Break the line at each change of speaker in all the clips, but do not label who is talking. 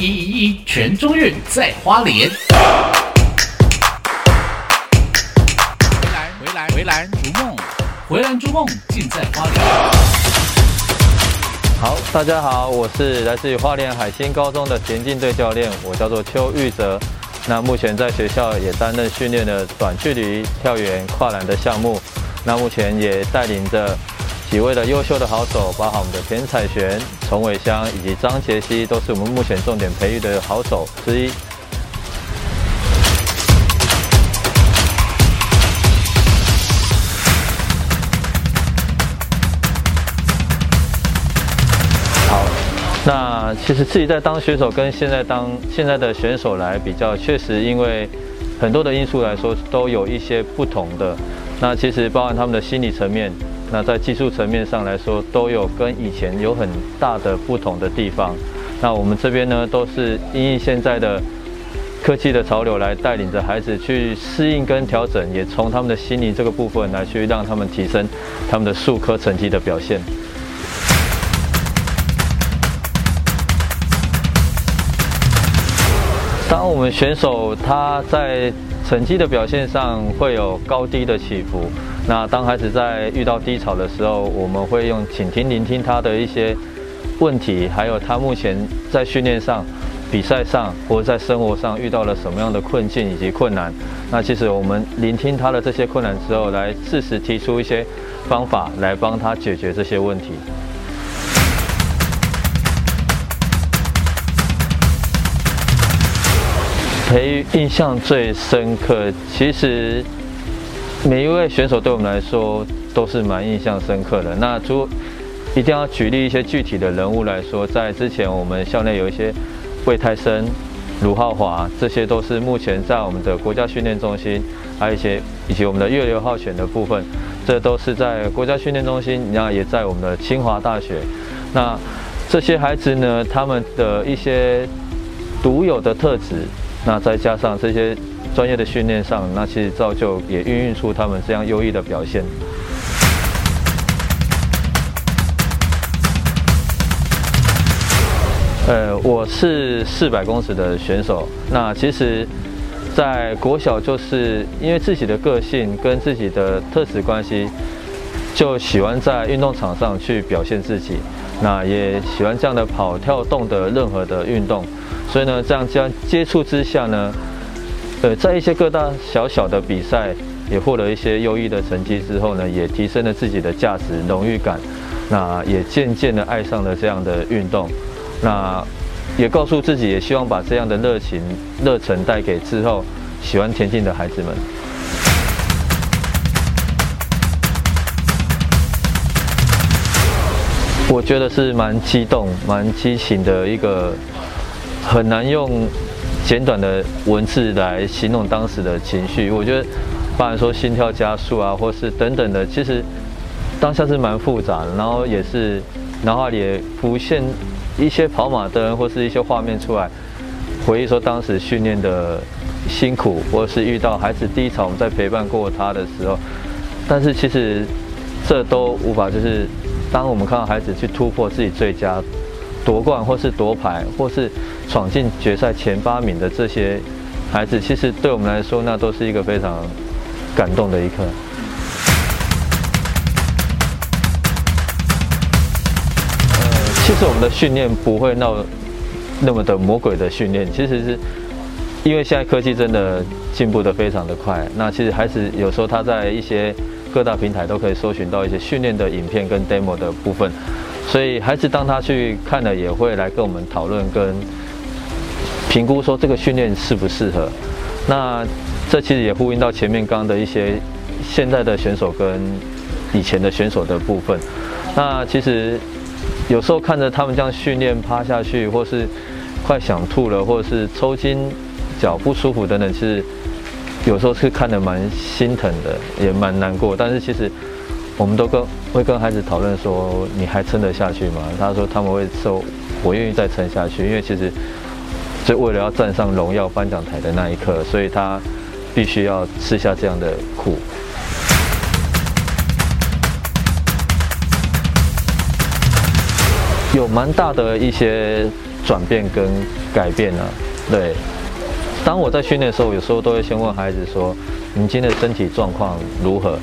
一一一，全中運在花蓮。回來回來回來逐夢，回來逐夢盡在花蓮。好，大家好，我是來自於花蓮海星高中的田徑隊教練，我叫做邱玉澤。那目前在學校也擔任訓練的短距離跳遠、跨欄的項目。那目前也帶領着。幾位的優秀的好手，包括我們的田彩璇、崇偉香以及張杰希，都是我們目前重點培育的好手之一。好，那其實自己在當選手跟現在當現在的選手來比較，確實因為很多的因素來說，都有一些不同的。那其實包含他們的心理層面。那在技術層面上來說，都有跟以前有很大的不同的地方。那我們這邊呢，都是因應現在的科技的潮流來帶領着孩子去適應跟調整，也從他們的心理這個部分來去讓他們提升他們的數科成績的表現。當我們選手他在成績的表現上會有高低的起伏，那當孩子在遇到低潮的時候，我們會用傾聽、聆聽他的一些問題，還有他目前在訓練上、比賽上或者在生活上遇到了什麼樣的困境以及困難。那其實我們聆聽他的這些困難之後，來適時提出一些方法來幫他解決這些問題。培育印象最深刻，其實每一位選手對我們來說都是蠻印象深刻的。那主一定要舉例一些具體的人物來說，在之前我們校內有一些魏泰森、盧浩華，這些都是目前在我們的國家訓練中心，還、啊、有一些以及我們的月流號選的部分，這都是在國家訓練中心，那也在我們的清華大學。那這些孩子呢，他們的一些獨有的特質。那再加上這些專業的訓練上，那其實造就也孕育出他們這樣優異的表現。呃，我是四百公尺的選手。那其實，在國小就是因為自己的個性跟自己的特質關係，就喜歡在運動場上去表現自己。那也喜歡這樣的跑、跳、動的任何的運動。所以呢，這樣，這樣接接觸之下呢，呃，在一些各大小小的比賽也獲得一些優異的成績之後呢，也提升了自己的價值、榮譽感，那也漸漸的愛上了這樣的運動，那也告訴自己，也希望把這樣的熱情、熱忱帶給之後喜歡田徑的孩子們。 我覺得是蠻激動、蠻激情的一個。很難用簡短的文字來形容當時的情緒。我覺得，不然說心跳加速啊，或是等等的，其實當下是蠻複雜的。然後也是腦海裡浮現一些跑馬燈，或是一些畫面出來，回憶說當時訓練的辛苦，或是遇到孩子第一場我們在陪伴過他的時候。但是其實這都無法，就是當我們看到孩子去突破自己最佳。奪冠，或是奪牌，或是闖進決賽前八名的這些孩子，其實對我們來說，那都是一個非常感動的一刻，嗯。呃，其實我們的訓練不會鬧那麼的魔鬼的訓練，其實是因為現在科技真的進步得非常的快。那其實孩子有時候他在一些各大平台都可以搜尋到一些訓練的影片跟 demo 的部分。所以孩子當他去看了，也會來跟我們討論跟評估，說這個訓練適不適合。那這其實也呼應到前面剛剛的一些現在的選手跟以前的選手的部分。那其實有時候看着他們這樣訓練趴下去，或是快想吐了，或是抽筋、腳不舒服等等，其實有時候是看得蠻心疼的，也蠻難過。但是其實。我們都跟會跟孩子討論說，你還撐得下去嗎？他說他們會說，我願意再撐下去，因為其實就為了要站上榮耀頒獎台的那一刻，所以他必須要吃下這樣的苦。有蠻大的一些轉變跟改變呢、啊。對，當我在訓練的時候，有時候都會先問孩子說，你今天的身體狀況如何？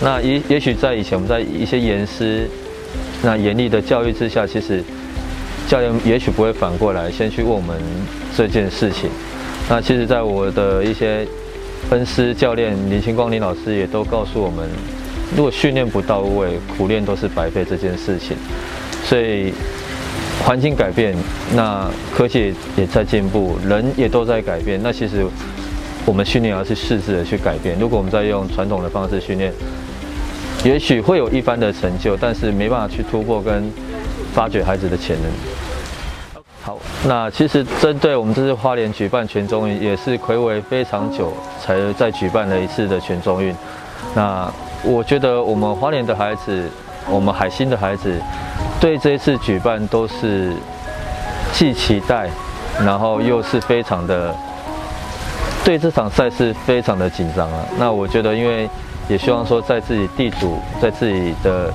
那也也許在以前，我們在一些嚴師、那嚴厲的教育之下，其實教練也許不會反過來先去問我們這件事情。那其實，在我的一些恩師教練林清光林老師也都告訴我們，如果訓練不到位，苦練都是白費這件事情。所以環境改變，那科技也在進步，人也都在改變。那其實我們訓練要去試着的去改變。如果我們再用傳統的方式訓練，也許會有一番的成就，但是沒辦法去突破跟發掘孩子的潛能。好，那其實針對我們這次花蓮舉辦全中運，也是睽違非常久才再舉辦了一次的全中運。那我覺得我們花蓮的孩子，我們海星的孩子，對這一次舉辦都是既期待，然後又是非常的對這場賽事非常的緊張啊。那我覺得因為。也希望說，在自己地主，在自己的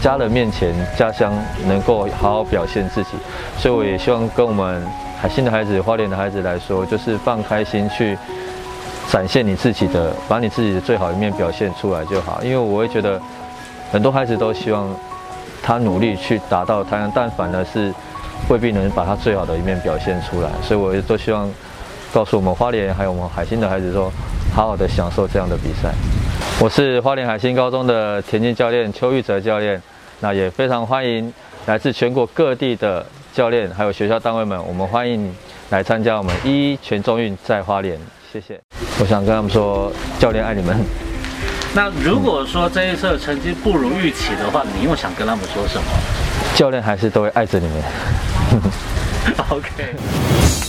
家人面前、家鄉能夠好好表現自己。所以我也希望跟我們海星的孩子、花蓮的孩子來說，就是放開心去展現你自己的，把你自己的最好一面表現出來就好。因為我會覺得很多孩子都希望他努力去達到太陽，但反而是未必能把他最好的一面表現出來。所以我也都希望告訴我們花蓮還有我們海星的孩子說，好好的享受這樣的比賽。我是花蓮海星高中的田徑教練邱玉澤教練，那也非常歡迎來自全國各地的教練，還有學校單位們，我們歡迎來參加我們一,一全中運在花蓮，謝謝。我想跟他們說，教練愛你們。那如果說這一次的成績不如預期的話，你又想跟他們說什麼？教練還是都會愛着你們。 OK。